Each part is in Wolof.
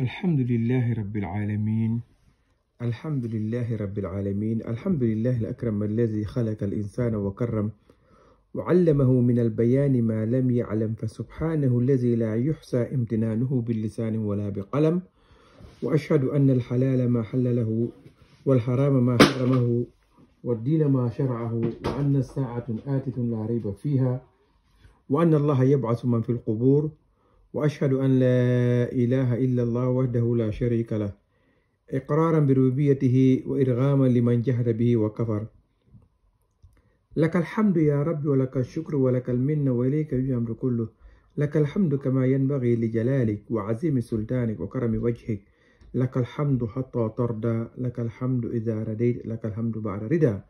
الحمد لله رب العالمين الحمد لله رب العالمين الحمد لله الأكرم الذي خلق الإنسان وكرم وعلمه من البيان ما لم يعلم فسبحانه الذي لا يحصى امتنانه باللسان ولا بقلم وأشهد أن الحلال ما حلله والحرام ما حرمه والدين ما شرعه وأن الساعة آتة لا ريب فيها وأن الله يبعث من في القبور وأشهد أن لا إله إلا الله وحده لا شريك له إقرارا بربوبيته وإرغاما لمن جهد به وكفر لك الحمد يا رب ولك الشكر ولك المنة وإليك الأمر كله لك الحمد كما ينبغي لجلالك وعزيم سلطانك وكرم وجهك لك الحمد حتى ترضى لك الحمد إذا رديت لك الحمد بعد رضا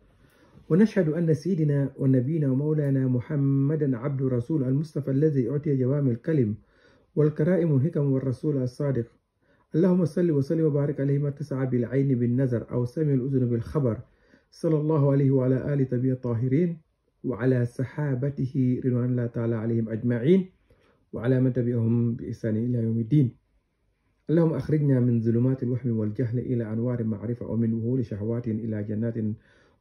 ونشهد أن سيدنا ونبينا ومولانا محمدا عبد رسول المصطفى الذي أعطي جوامع الكلم والكرائم والهكم والرسول الصادق اللهم صل وسلم وبارك عليه ما بالعين بالنظر أو سمع الأذن بالخبر صلى الله عليه وعلى آل تبي الطاهرين وعلى صحابته رضوان الله تعالى عليهم أجمعين وعلى من تبعهم بإحسان إلى يوم الدين اللهم أخرجنا من ظلمات الوهم والجهل إلى أنوار المعرفة ومن وهول شهوات إلى جنات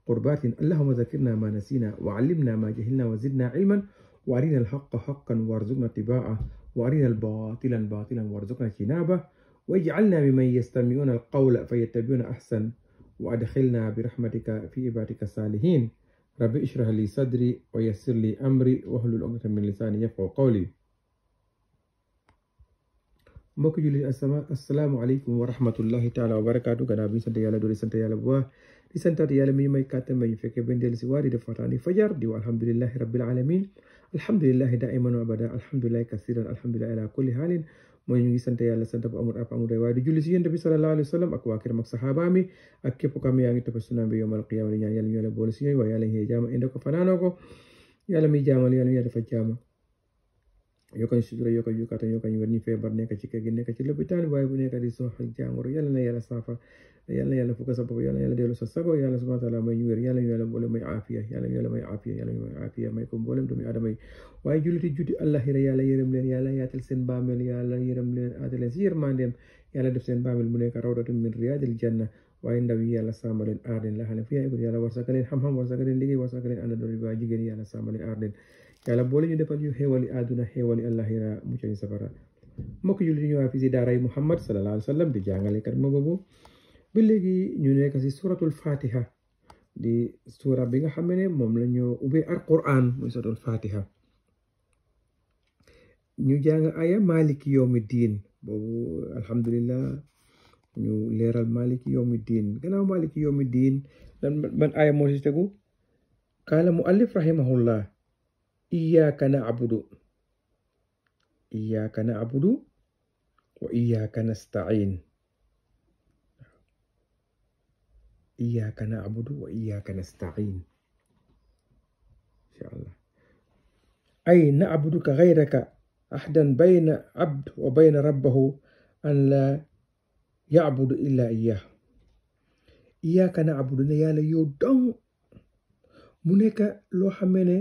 قربات اللهم ذكرنا ما نسينا وعلمنا ما جهلنا وزدنا علما وارنا الحق حقا وارزقنا اتباعه وارنا الباطل باطلا وارزقنا اجتنابه واجعلنا ممن يستمعون القول فيتبعون احسن وادخلنا برحمتك في عبادك الصالحين رب اشرح لي صدري ويسر لي امري وهل عقدة من لساني يفقه قولي mbokk السلام عليكم ورحمه الله تعالى وبركاته wa barakaatu gannaaw bi ñu di santaat yàlla mi ñu may kàttan may ñu fekkee benn dellusi def waxtaani fajar di wa alhamdulillahi rabbil alamin abada alhamdulillahi kasiran alhamdulillahi ala kulli haalin mooy ñu ngi si ak waa këram saxaabaami ak képp ko am yaa ngi bi yowmal qiyaama di ñaan yàlla ñu yàlla yokkañ sutura yokkañ yukkatan yokkañ wér ñu ko mboolem war sa ka leen war sa ka leen war sa ka leen yi waa jigéen yàlla sàmbaleen aar yàlla boole ñu defal ñu xéewali aduna xéewali àllaxira mucc ñu safara mbokk jullit ñu waa fi si yi muhammad sallallahu Alaihi Wasallam sallam di jàngalekat ma boobu ba léegi ñu nekk suratul fatiha di sura bi nga xam ne moom la ñu ubbee alquran muy suratul fatiha ñu aya maliki yawmi diin boobu alhamdulillah ñu leeral maliki yawmi diin gannaaw maliki yawmi diin lan ban aya moo si tegu kaala muallif rahimahullah iyaaka na'budu iyaaka na'budu wa iyaaka nasta'in iyaaka na'budu wa iyaaka nasta'in insha allah ay na'buduka ghayraka ahdan bayna abd wa bayna rabbahu an la ya'budu illa iyyah iyaaka na'budu ne yàlla yow dong mu nekk loo xamee ne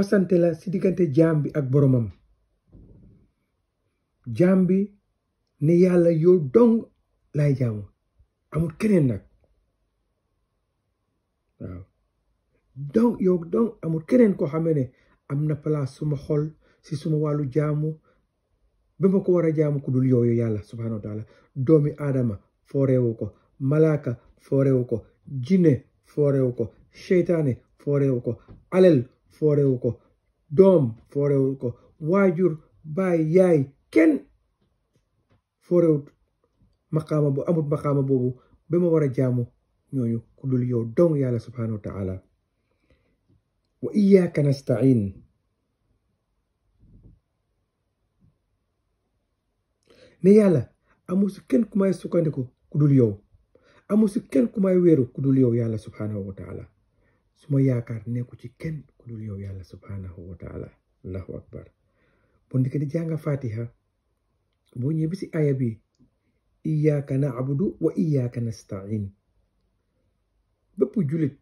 fasante la si diggante jaam bi ak boromam jaam bi ne yàlla yow dong laay jaamu amul keneen nag waaw donc yow keneen koo xam ne am na place suma xol si suma wàllu jaamu ba ma ko war a jaamu ku dul yow yàlla subhaanahu wa doomi aadama foorewu ko malaaka foorewu ko jinne foorewu ko seytaane foorewu ko alal foorewu ko doom foorewu ko waajur baay yaay kenn foorewut maqaama bu amut maqaama boobu ba ma war jaamu ñooñu ku dul yow dong yàlla subhanahu wa taala wa iyyaka nasta'in ne yàlla amul si kenn ku may sukkandiku ku dul yow amul si kenn ku may weeru ku dul yow yàlla subhanahu wa taala suma yaakaar nekku ci kenn ku dul yow yàlla subhanahu wa allahu akbar bon di ko di jànga fatiha boo ñëwee bi si aya bi iyyaka na'budu wa iyyaka nasta'in bépp jullit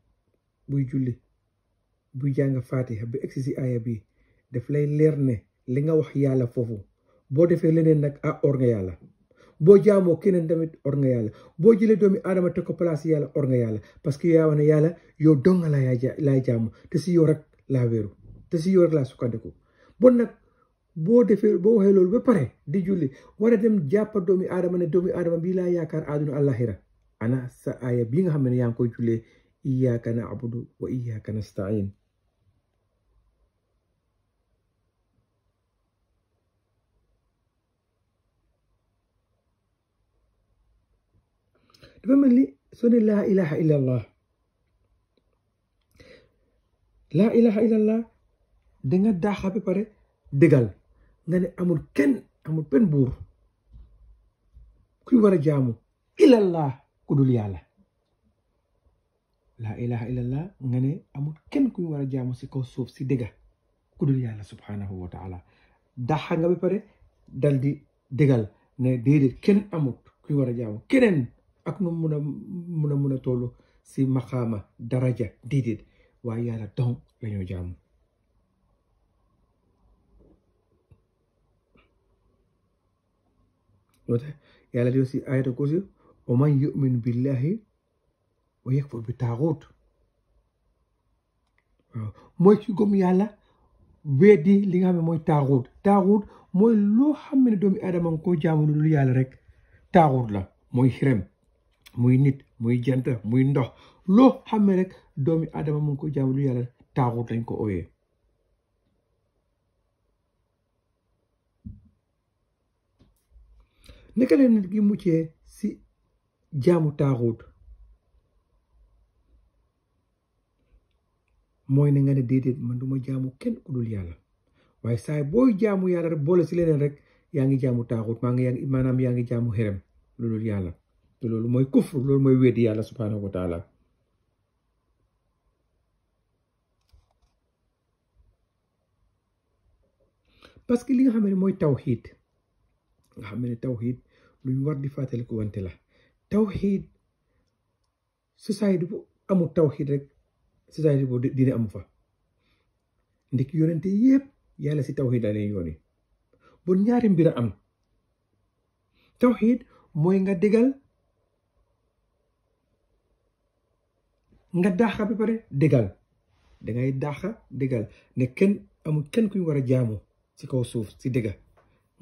buy jullit buy jànga fatiha bi egsi si aya bi daf lay leer ne li nga wax yàlla foofu boo defee leneen nag a ah, or nga yàlla boo jaamoo keneen tamit or nga yàlla boo jëlee doomi aadama te ko place yàlla or nga yàlla parce que yaa wane yàlla yow dong la laay jaamu te si yoo rek laa wéeru te si yoo rek laa sukkandiku bon nag boo defee boo waxee loolu ba pare di julli war a dem jàppa doomi aadama ne doomi aadama bii laa yaakaar àdduna àllaaxira ana sa aaya bii nga xam ne yaa ngi koy jullee iyyaaka na'budu wa iyyaaka nasta'iin dafa mel ni soo ne laa ilaha illa allah laa danga daaxa ba pare dëggal nga ne amul kenn amul benn buur kuy war a jaamu ilallah ku dul yàlla laa ilaha illallah nga ne amul kenn kuy war jaamu si kaw suuf si dëgga ku dul yàlla subhanahu wa taala nga ba pare dal di dëggal ne déedéet kenn amul kuy war a jaamu keneen ak nu mun a mun a mun a toll si maxaama daraja déedéet waaye yàlla donc la ñoo jaamu moo tax yàlla di si ayata ko si wa man billahi wa yakfur bi taaxut mooy ci gëm yàlla weddi li nga xam ne mooy taaxut taaxut mooy loo xam ne doomi aadama nga jaamu lu yàlla rek taaxut la mooy xirem muy nit muy jant muy ndox loo xam rek doomi adama mu ngi ko jaamu lu yàlla taaxut lañ ko nit gi si jaamu taaxut mooy na nga ne déedéet man du ma jaamu kenn ku dul yàlla waaye saay booy jaamu yàlla rek boole si leneen rek yaa jaamu jaamu te loolu mooy kufr loolu mooy weddi yàlla subhaanahu wa taala parce que li nga xam ne mooy tawxiid nga xam ne tawxiid luñ war di fàttaliku wante la tawxiid société bu amul tawxiid rek société bu dina am fa ndik yonente yépp yàlla si tawxiid la leen yooni bon ñaari mbir am tawxiid mooy nga déggal nga daaxa ba pare dëggal dangay ngay daaxa dëggal ne kenn amul kenn kuy war a jaamu si kaw suuf si dëgga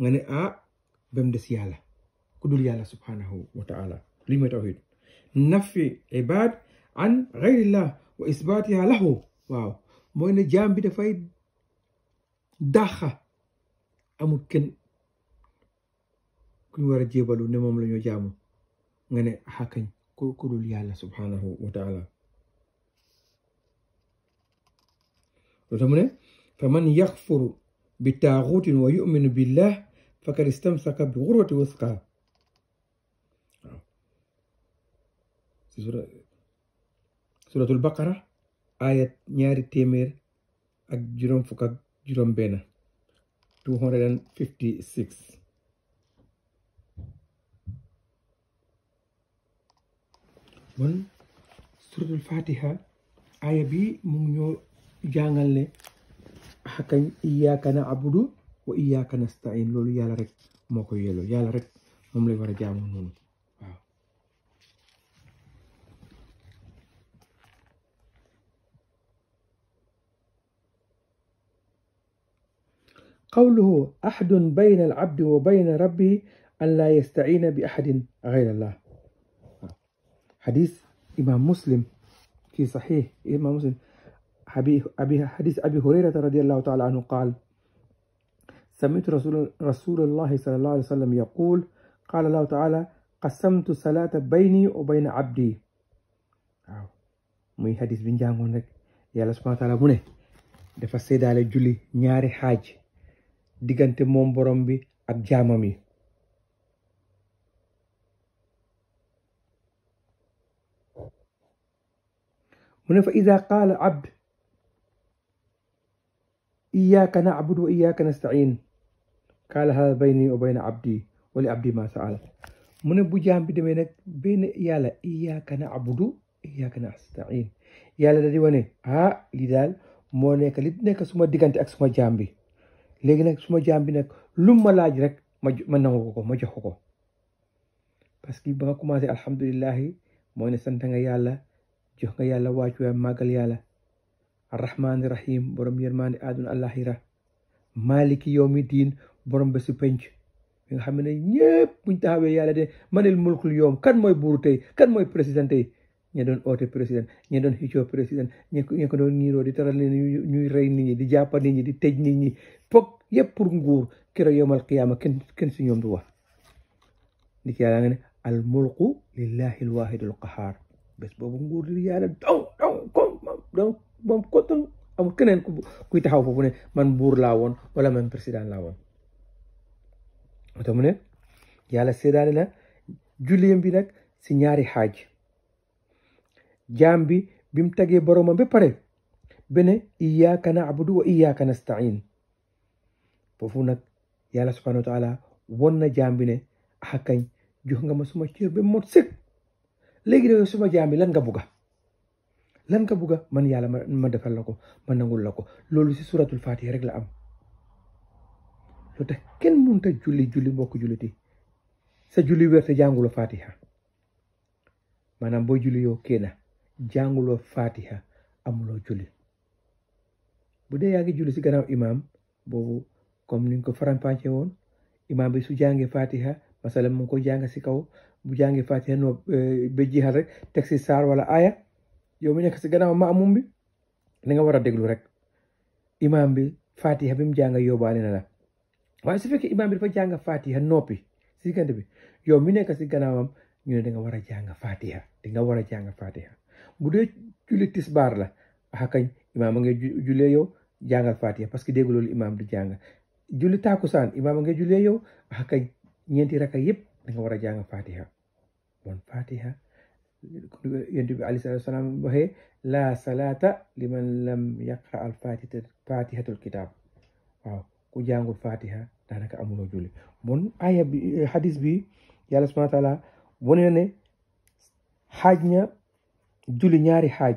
nga ne ah ba mu des yàlla ku dul yàlla subhanahu wa taala lii mooy tawhid nafi ibad an bi dafay daaxa amul kenn kuñ war a jébalu ne moom la ñoo jaamu nga ne xakañ ah, ku dul yàlla subhanahu wa نتمنى فمن يغفر بالتاغوت ويؤمن بالله فقد استمسك بغروة وثقى سورة سورة البقرة آية نياري تيمير أجرم جرم جرم بينا 256 من سورة الفاتحة آية بي مونيو jàngal ne xakañ iyyaka na abudu wa iyyaka nasta'in loolu yàlla rek moo ko yelloo yàlla rek moom lay war a jaamu noonu waaw qawluhu axadun bayna alabdi wa bayna rabbi an laa yastaciina bi axadin gayra allah xadis imam muslim fi saxiix imam muslim حديث أبي هريرة رضي الله تعالى عنه قال سمعت رسول, رسول الله صلى الله عليه وسلم يقول قال الله تعالى قسمت الصلاة بيني وبين عبدي waaw muy hadis bi njàngoon rek yàlla subhana taala mu ne dafa séddaale julli ñaari xaaj diggante moom borom bi ak jaamam yi mu ne fa ida qaala abd إياك نعبد وإياك نستعين قال هذا بيني وبين عبدي ولعبدي ما سأل mu ne bu jaam bi demee nag benn yàlla iyyaka na'budu iyyaka nasta'in yàlla da di wane ah lii daal moo nekk li nekk suma diggante ak suma jaam bi léegi nag suma jaam bi nag lu ma laaj rek ma ma nangu ko ma jox ko parce que ba nga commencé alhamdulilahi moo ne sant nga yàlla jox nga yàlla wàccuwaay màggal yàlla arrahmaani rahim borom yërmaande àdduna àllaaxira maaliki yawmi diin borom bésu penc mi nga xam ne ñëpp buñ taxawee yàlla de manil mulkul yawm kan moy buuru tey kan moy président tey ña doon oote président ña doon xicoo président ña ko doon ñiiroo di taral ne ñuy rey nit ñi di jàppa nit ñi di tëj nit ñi foog yëpp pour nguur kero yowmal qiyaama kenn kenn si ñoom du wax ndiki yàlla nga ne al mulku lillahi al waahidul qahaar bés boobu nguur di yàlla ya dong dong kom dong moom kottan amul keneen ku kuy taxaw foofu ne man buur laa woon wala man président laa woon ota mu ne yàlla séddaale na julliyam bi nag si ñaari xaaj jaam bi bi mu tagee boroomam ba pare bene iyaaka na abudu wa iyaaka nastain foofu nag yàlla subhanahu wa taala won na jaam bi ne axakañ jox nga ma suma cër ba mot sëg léegi de suma jaam bi lan nga buga lan nga bugg man yàlla ma ma defal la ko ma nangul la ko loolu si suratul fatiha rek la am lu tax kenn mënut juli juli julli mbokk julliti sa julli wér te jànguloo fatiha maanaam boo julli yow kenn jànguloo fatiha amuloo juli bu dee yaa ngi julli si gannaaw imaam boobu comme niñ ko faram-fàccee woon imaam bi su jàngee fatiha masalan mu ngi ko jàng si kaw bu jàngee fatiha no eh, ba jeexal rek teg si saar wala aaya yow mi nekk si gannaaw maamum bi da nga war a déglu rek imaam bi fatiha bi mu jàng yóbbaale na la waaye su fekkee imaam bi dafa jàng fatiha noppi si diggante bi yow mi nekk si gannaawam ñu ne nga war a jàng fatiha da nga war a jàng fatiha bu dee julli tisbaar la ah kañ imaam a ngay jullee yow jàngal fatiha parce que dégg loolu imaam jàng julli taakusaan imaam a ngay jullee yow ah kañ ñeenti raka yëpp da nga war a jàng fatiha bon fatiha yonent bi aleyhi salaatu wa salaam waxee laa salaata liman lam yaqra al fatiha waaw ku jàngul fatiha daanaka amuloo julli bon aaya hadis bi yàlla subhaana taala wane ne xaaj na julli ñaari xaaj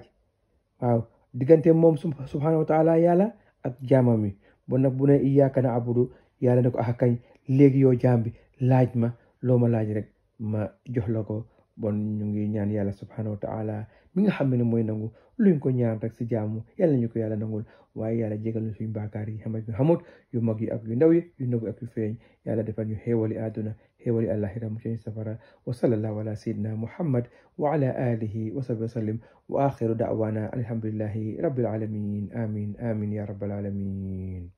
waaw diggante moom subhaanahu wa taala yàlla ak jaamam yi bon nag bu ne na abudu yàlla ne ko ah kañ léegi yow jaam laaj ma loo ma laaj rek ma jox la ko bon ñu ngi ñaan yàlla subhanahu wa taala mi nga xam ne mooy nangu luñ ko ñaan rek si jaamu yàlla ñu ko yàlla nangul waaye yàlla jégal ñu suñu baakaar yi xamat ñu xamut yu mag yi ak yu ndaw yi yu nagu ak yu feeñ yàlla defal ñu xéewali aduna xéewali àllaxira mu ci safara wa sallallahu ala sayidina muhammad wa ala alihi wa sahbi wa sallim wa axiru daawana alhamdulillahi rabbil alamin amin amin ya rabbal alamin